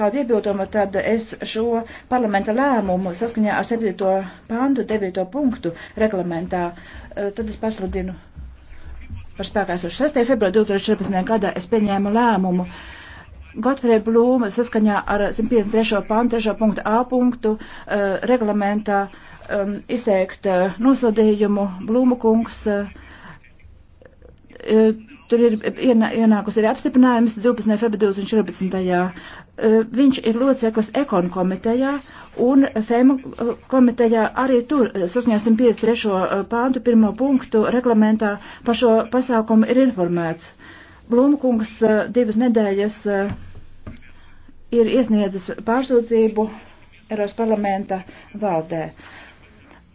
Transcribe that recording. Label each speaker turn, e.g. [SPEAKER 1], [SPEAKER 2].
[SPEAKER 1] kāda iebilduma, tad es šo parlamenta lēmumu saskaņā ar 7. pāntu, 9. punktu reglamentā, eh, tad es pasludinu par spēkā 6. februāru 2014. gadā es pieņēmu lēmumu. Gotfrēda Blūma saskaņā ar 153. pāntu, 3. punktu A punktu eh, reglamentā um, izteikt eh, nosodījumu Blūma kungs Tur ir ienākus ir apstiprinājums 12. februārī 2014. Uh, viņš ir loceklis ekonu komitejā un FEMU uh, komitejā arī tur uh, saskaņā 153. pāntu pirmo punktu reglamentā par šo pasākumu ir informēts. Blūmkungs divas nedēļas ir iesniedzis pārsūdzību Eiropas parlamenta valdē.